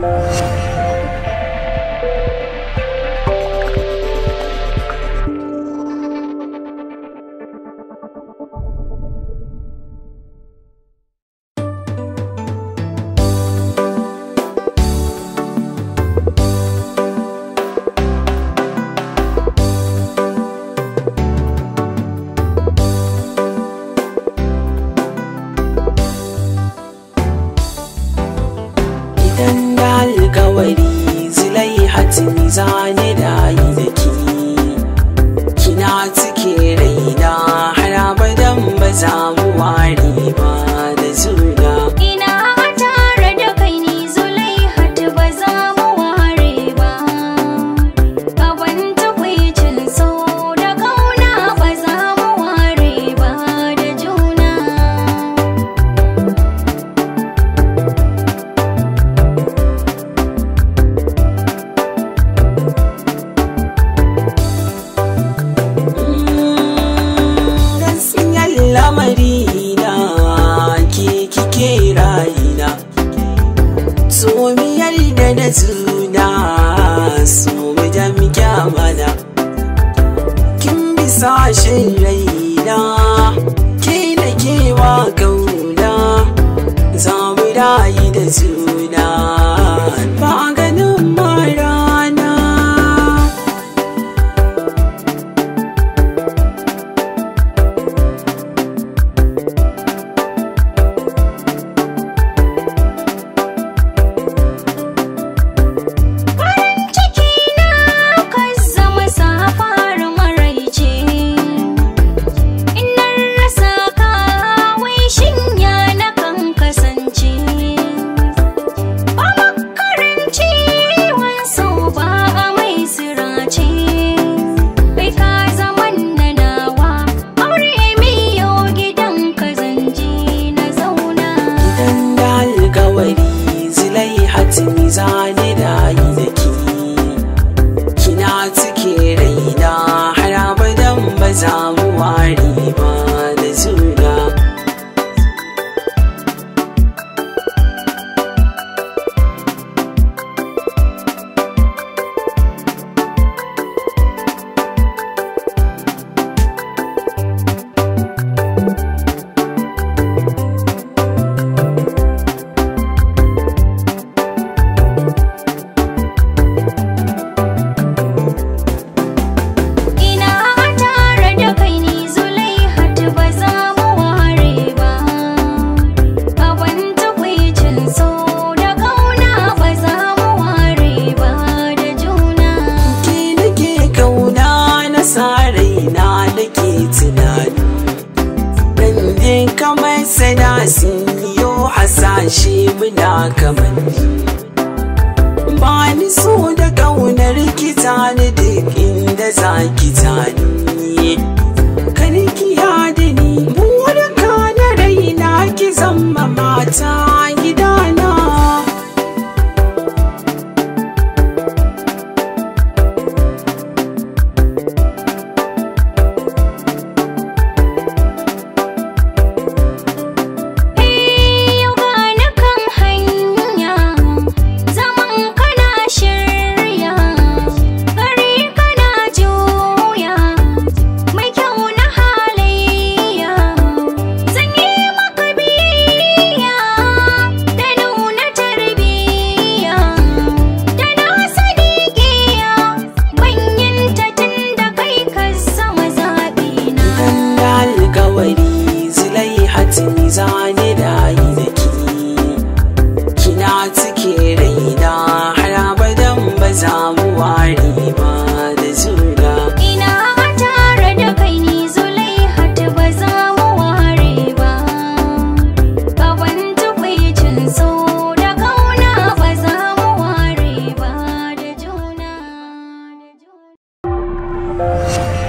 Thank you. Timiza ni dai mana kin bisa shin raina ke kewa gauna za mu rayu da zuwa zane da na nake tunani Rangin kamar sana sun yo hasashe muna kamar Ba ni so da ƙaunar kita ni duk inda za ki tani alkawari zilai hatimi zane da yi da ki kina cike raina har abadan ba za mu ware ba da zura ina tare da kai ni zulai hata ba za mu ware ba kaban cin so da kauna ba za mu ware ba da juna